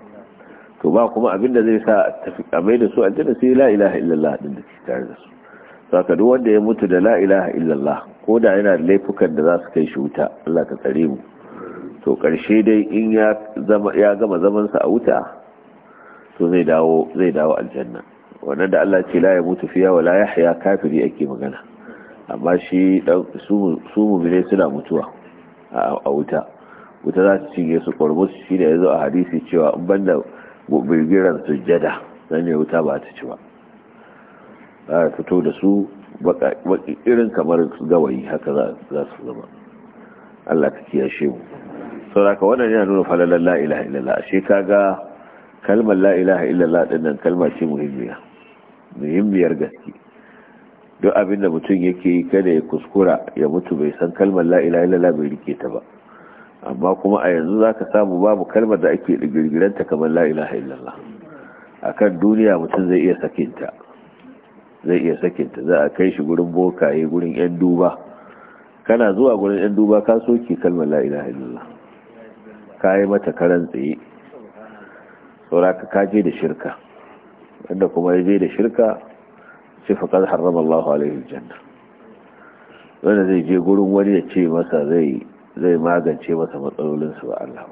A: to ba kuma abinda zai sa a mai da su aljanna sai la ilaha illallah din da ke tare da su saka duk wanda ya mutu da la ilaha illallah ko da yana da laifukan da za su kai shi wuta Allah ka tsare mu to karshe dai in ya gama zamansa a wuta to zai dawo aljanna wannan da Allah ce la ya mutu fiya wa la haya kafiri ake magana amma shi su mu'mine suna mutuwa a wuta wuta za su cinye su kurmus shi da yazo a hadisi cewa in banda su sujjada zan ne wuta ba ta ci ba a fito da su irin kamar gawayi haka za su zama Allah ka kiyashe mu sauraka wannan yana nuna falalar la ilaha illallah ashe kaga kalmar la illallah nan kalma ce muhimmiya muhimmiyar gaske duk abin da mutum yake yi kada ya kuskura ya mutu bai san kalmar la illallah bai rike ta ba amma kuma a yanzu zaka samu babu kalmar da ake digirgiranta kamar la ilaha illallah akan duniya mutum zai iya sakinta zai iya sakinta za a kai shi gurin bokaye gurin yan duba kana zuwa gurin yan duba ka soke kalmar la illallah kayi mata karan tsaye sauraka kaje da shirka wanda kuma ya je da shirka sai faƙar harrama Allah alaihi janna wanda zai je gurin wani ya ce masa zai magance masa matsalolinsu ba Allah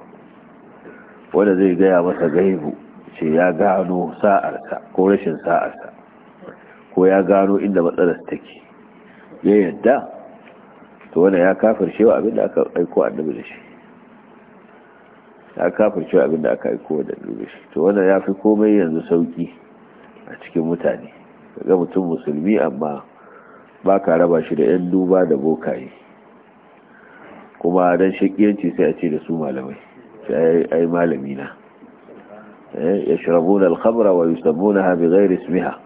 A: wanda zai gaya masa gaibu ce ya gano sa'arka ko rashin sa'arka ko ya gano inda matsalar take ya yadda to wanda ya kafir shewa abinda aka aiko annabi da shi ka kafirce abin da aka aiko da dole shi to wannan ya fi komai yanzu sauki a cikin mutane kaga mutum musulmi amma ba ka raba shi da 'yan duba da bokaye kuma don shakiyanci sai a ce da su malamai sai ai malami na eh, ya shirabuna alkhamra wa yusammuna ha ismiha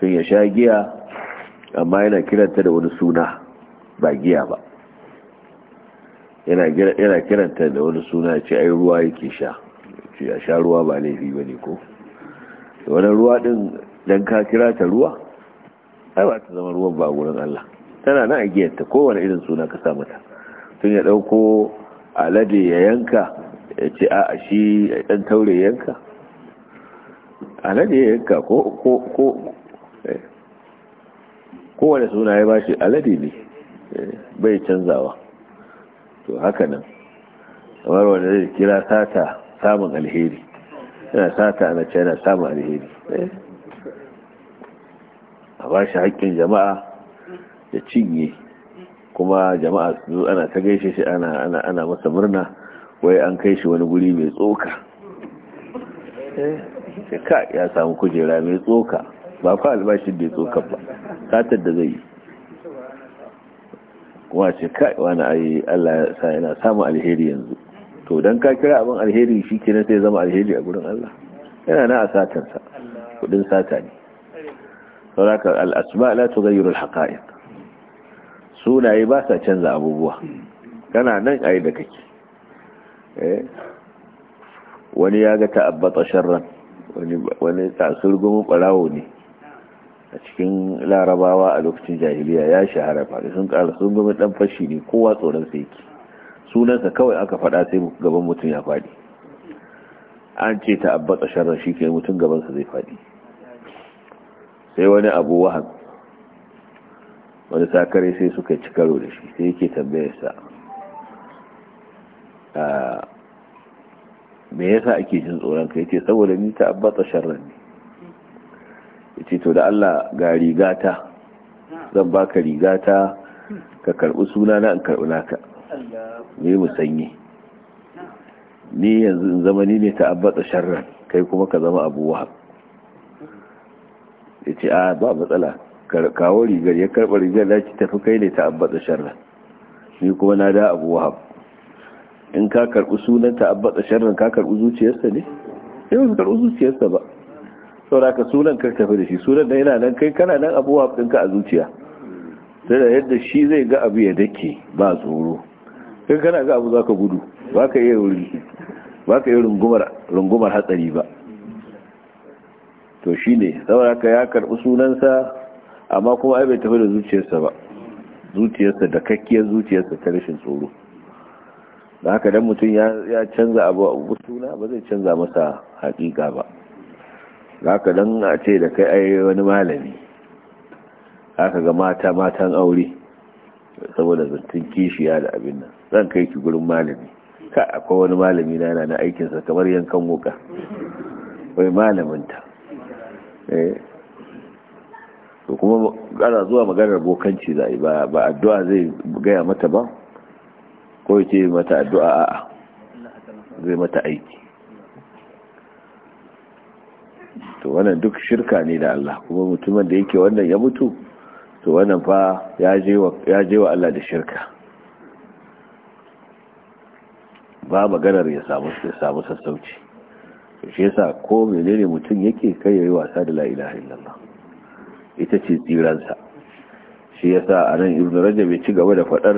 A: sun ya sha giya amma yana kiranta da wani suna ba giya ba yana kiranta da wani suna ce ai ruwa yake sha ce a sha ruwa ba laifi ba ne ko wani ruwa din don ka kira ta ruwa ai ba ta zama ruwan ba a wurin Allah tana nan a ko kowane irin suna ka sa mata tun ya ɗauko alade ya yanka ya ce a shi ɗan taure yanka alade ya yanka ko eh. kowane suna ya bashi alade ne eh, bai canzawa to haka nan kamar wanda zai kira sata samun alheri yana sata ana ce yana samun alheri eh. a ba shi haƙƙin jama'a da cinye kuma jama'a su ana ta gaishe shi ana masa murna wai an kai shi wani guri mai tsoka eh. ya samu kujera mai tsoka ba fa albashin da ya tsoka ba satar da zai yi kuma ce kai wani ayi Allah ya sa yana samun alheri yanzu to dan ka kira abin alheri shi kenan sai zama alheri a gurin Allah yana na a satansa kudin sata ne al al'asma la al haqa'iq sunaye ba sa canza abubuwa kana nan ayi da kake eh wani ya ga ta'abbata sharran wani wani tasir surgumu barawo ne a cikin larabawa a lokacin jahiliya ya shahara faɗi sun ƙara sun gumi ɗan fashi ne kowa tsoron sa yake sunansa kawai aka faɗa sai gaban mutum ya faɗi an ce ta abbata sharar shi ke mutum gabansa zai faɗi sai wani abu wahan wani sakare sai suka ci karo da shi sai yake tambayarsa ah, me yasa ake jin tsoron ka yace saboda ni ta abba sharar ne ce to da Allah ga rigata zan baka rigata ka karbi suna na in karbi naka ne mu sanye ni yanzu in zama ni ne ta'abbata sharran kai kuma ka zama abu ya yace a ah, ba matsala kawo rigar ya karɓar rigar da ki tafi kai ne ta'abbata sharran ni kuma na da abu in ka karɓi sunan ta'abbata sharran ka karɓi zuciyarsa ne sai eh, ka karɓi zuciyarsa ba sauraka sunan kar tafi da shi sunan da yana nan kai kana nan abuwa ɗinka a zuciya sai da yadda shi zai ga abu ya dake ba tsoro kai kana ga abu za ka gudu ba ka yi rungumar hatsari ba to shi ne sauraka ya karɓi sunansa amma kuma ai bai tafi da zuciyarsa ba zuciyarsa da kakkiyar zuciyarsa ta rashin tsoro da haka don mutum ya canza abu a suna ba zai canza masa hakika ba zaka dan a ce da kai ai wani malami aka ga mata matan aure saboda zantun kishiya da abin nan zan kai ki gurin malami ka akwai wani malami na yana na aikinsa kamar yankan wuka wai malaminta eh to kuma ana zuwa maganar bokanci za a yi ba addu'a zai gaya mata ba ko ce mata addu'a a'a zai mata aiki to wannan duk shirka ne da Allah kuma mutumin da yake wannan ya mutu to wannan fa ya je wa Allah da shirka ba maganar ya samu sassauci shi yasa ko menene mutum yake kai yayi wasa da la ilaha illallah ita ce tsiransa shi yasa anan ibn rajab ya ci gaba da fadar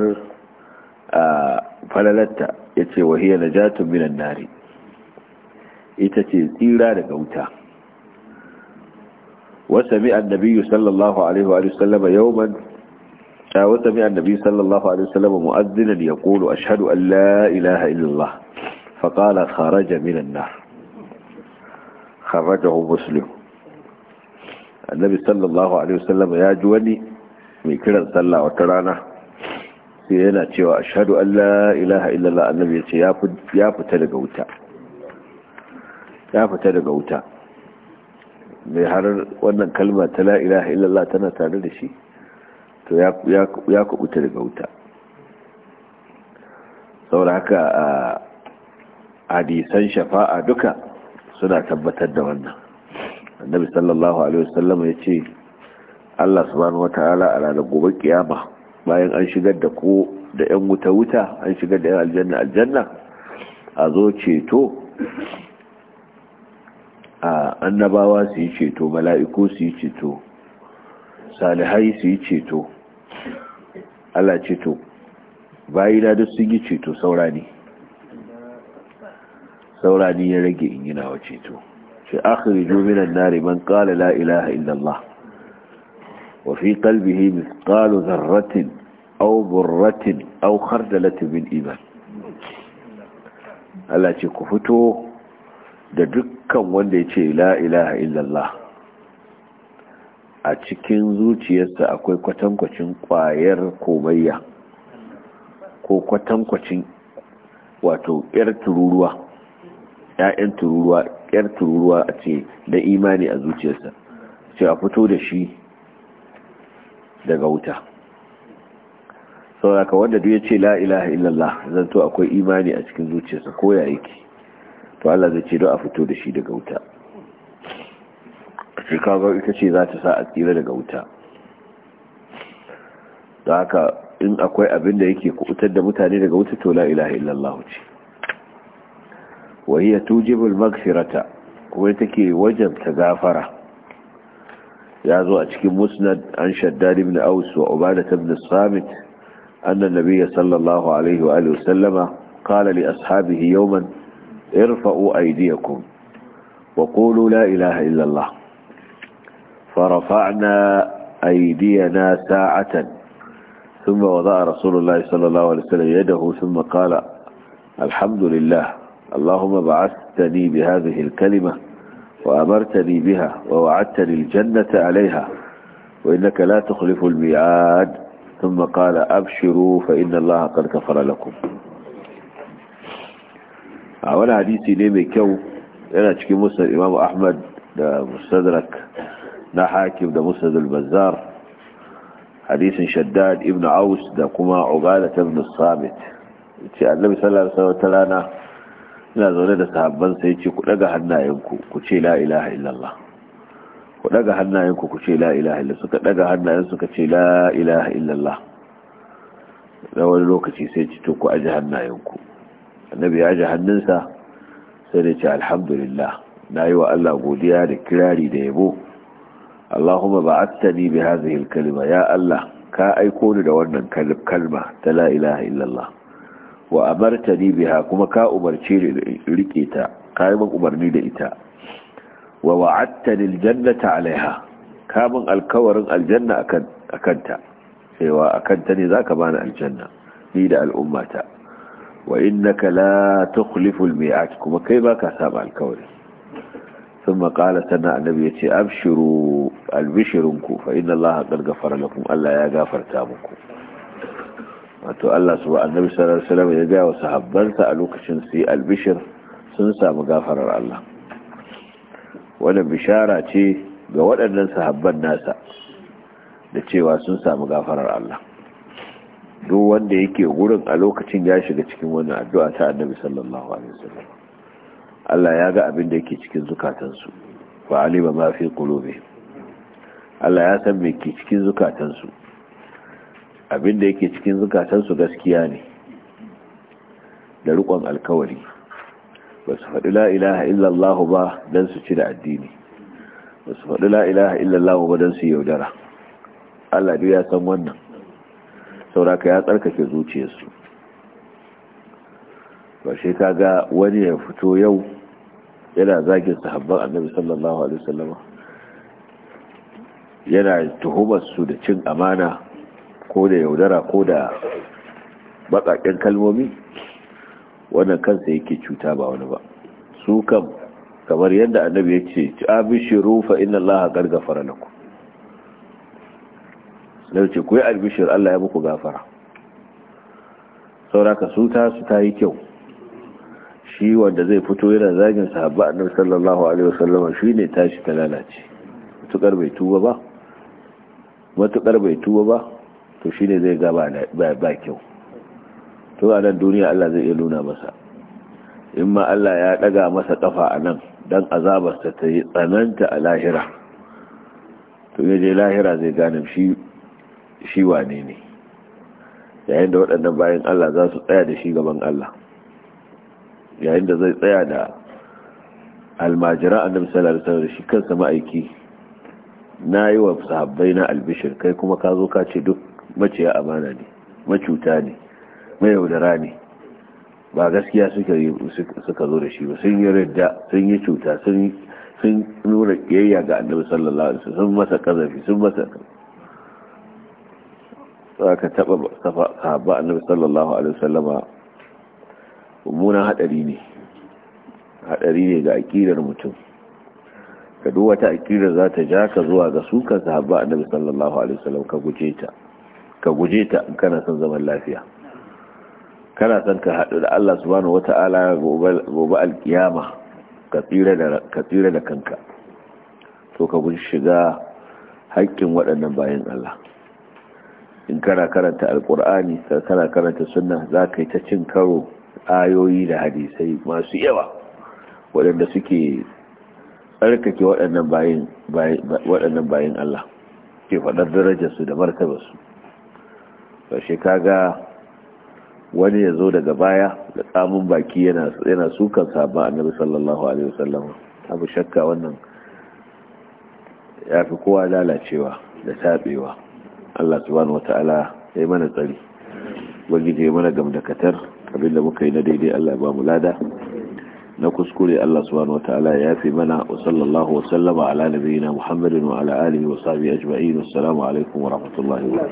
A: falalatta yace wahiya najatun minan nari ita ce tsira daga wuta وسمع النبي صلى الله عليه وآله وسلم يوما وسمع النبي صلى الله عليه وسلم مؤذنا يقول أشهد أن لا إله إلا الله فقال خرج من النار خرجه مسلم النبي صلى الله عليه وسلم يا جواني من كلا صلى وترانا سينا تيوى أشهد أن لا إله إلا الله النبي يا فتلق وتا يا فتلق وتا mai har wannan kalma ta la illallah tana tare da shi to ya kubuta daga wuta saboda haka a hadisan shafa'a duka suna tabbatar da wannan annabi sallallahu alaihi wasallam ya ce Allah subhanahu wataala a ranar gobe kiyama bayan an shigar da ko da yan wuta wuta an shigar da yan aljanna aljanna a zo ceto annabawa su yi ceto mala'iku su yi ceto salihai su yi ceto Allah ceto na duk sun yi ceto saurani saurani ya rage in yi nawa ceto ce akhiri dominan nari man kala la ilaha illallah wa fi kalbihi misqalu zarratin au burratin au khardalatin min iman Allah ce ku fito da dukkan wanda ya ce la ilaha illallah a cikin zuciyarsa akwai kwatankwacin kwayar komayya ko kwatankwacin wato yar tururuwa ya'yan tururuwa yar tururuwa a ce da imani a zuciyarsa ce a fito da shi daga wuta sauraka wanda duk ya ce illallah zanto akwai imani a cikin zuciyarsa ko ya yake to zai ce don a fito da shi daga wuta shi kawo ita ce za ta sa a tsira daga wuta da haka in akwai abin da yake kubutar da mutane daga wuta to la ilaha illallah ce wahiyya tujibul magfirata kuma take wajen ta gafara ya zo a cikin musnad an shaddad ibn aus wa ubadah ibn samit anna nabiyya sallallahu alaihi wa alihi wasallama qala li ashabihi yawman ارفعوا أيديكم وقولوا لا إله إلا الله فرفعنا أيدينا ساعة ثم وضع رسول الله صلى الله عليه وسلم يده ثم قال الحمد لله اللهم بعثتني بهذه الكلمة وأمرتني بها ووعدتني الجنة عليها وإنك لا تخلف الميعاد ثم قال أبشروا فإن الله قد كفر لكم a wani hadisi ne mai kyau yana cikin musnad imamu ahmad da mustadrak na hakim da musnad bazar hadisin shaddad ibn aus da kuma ubadat ibn sabit ce annabi sallallahu alaihi wasallam rana ina zaune da sahabban sai ce ku daga hannayenku ku ce la ilaha illallah ku daga hannayenku ku ce la ilaha illallah suka daga hannayen suka ce la ilaha illallah da wani lokaci sai ce to ku aje hannayenku annabi ya ji hannunsa sai da ce alhamdulillah na yi wa Allah godiya da kirari da yabo Allahumma ba'attani bi hadhihi al-kalima ya Allah ka aiko ni da wannan kalma ta la ilaha illallah wa amartani biha kuma ka umarce ni rike ta ka yi min umarni da ita wa wa'adtani al-jannata alaiha ka min alkawarin aljanna akan akanta cewa akanta ne zaka bani aljanna ni da al'ummata wa innaka la tukhlifu al-mi'at kuma kai baka saba alkawari Sun قال سنة النبي يتي أبشروا البشرنكم فإن الله قد غفر Allah ya gafarta تامكم wato Allah su ba annabi sallallahu alaihi wasallam ya ga wa sahabbansa a lokacin su albishir sun samu gafarar Allah wannan bishara ce ga waɗannan sahabban nasa da cewa sun samu gafarar Allah duk wanda yake gurin a lokacin ya shiga cikin wannan addu'a ta annabi sallallahu alaihi wasallam Allah ya ga abin da yake cikin zukatansu fa alima ma fi qulubi Allah ya san me ke cikin zukatansu abin da yake cikin zukatansu gaskiya ne da riƙon alkawari ba su faɗi la ilaha illallah ba don su ci da addini ba su faɗi la ilaha illallah ba don su yaudara Allah duk ya san wannan sauraka ya tsarkake zuciyarsu ba shi ga wani ya fito yau yana zagin sahabban annabi sallallahu alaihi wasallama yana tuhumar su da cin amana ko da yaudara ko da baƙaƙen kalmomi wannan kansa yake cuta ba wani ba su kam kamar yadda annabi ya ce ci abishiru fa inna allaha gargafara ku. da ce ku yi albishir Allah ya muku gafara sauraka su ta su ta yi kyau shi wanda zai fito yana zagin sahabba nan sallallahu alaihi wasallama shi ne tashi ta lalace matuƙar bai tuba ba to shi ne zai gaba ba kyau to a nan duniya Allah zai iya nuna masa in ma Allah ya ɗaga masa kafa a nan dan azabarsa ta yi tsananta a lahira to yaje lahira zai gane shi shi wane ne yayin da waɗannan bayan Allah za su tsaya da shi gaban Allah yayin da zai tsaya da almajira annabi sallallahu alaihi da shi kansa ma'aiki yi wa sahabbai na albishir kai kuma ka zo ka ce duk maciya amana ne macuta ne mai yaudara ne ba gaskiya suka yi suka zo da shi ba sun yi ridda sun yi cuta sun nuna kiyayya ga annabi sallallahu alaihi wasallam sun masa kazafi sun masa ka taɓa sahaba annabi sallallahu alaihi wasallama mummunan haɗari ne haɗari ne ga aƙidar mutum ka duk wata aƙidar za ta ja ka zuwa ga sukan sahaba annabi sallallahu alaihi wasallam ka guje ta ka guje ta in kana son zaman lafiya kana son ka haɗu da Allah subhanahu wata'ala gobe alkiyama ka tsira da kanka to ka guji shiga haƙƙin waɗannan bayan Allah in kana karanta alkur'ani kana karanta sunna za ka yi ta cin karo ayoyi da hadisai masu yawa waɗanda suke tsarkake waɗannan bayan Allah ke faɗar darajarsu da martabarsu ƙarshe kaga wani ya zo daga baya da tsamun baki yana sukan saba annabi sallallahu alaihi wasallam abu shakka wannan ya fi kowa lalacewa da taɓewa Allah subhanahu wata'ala sai mana tsari ubangiji ya mana gamdakatar abinda muka yi na daidai Allah ba mu lada na kuskure Allah subhanahu wata'ala ya yafe mana wa sallallahu wa sallama ala nabiyina Muhammadin wa ala alihi wa sahbihi ajma'in assalamu alaikum wa rahmatullahi wa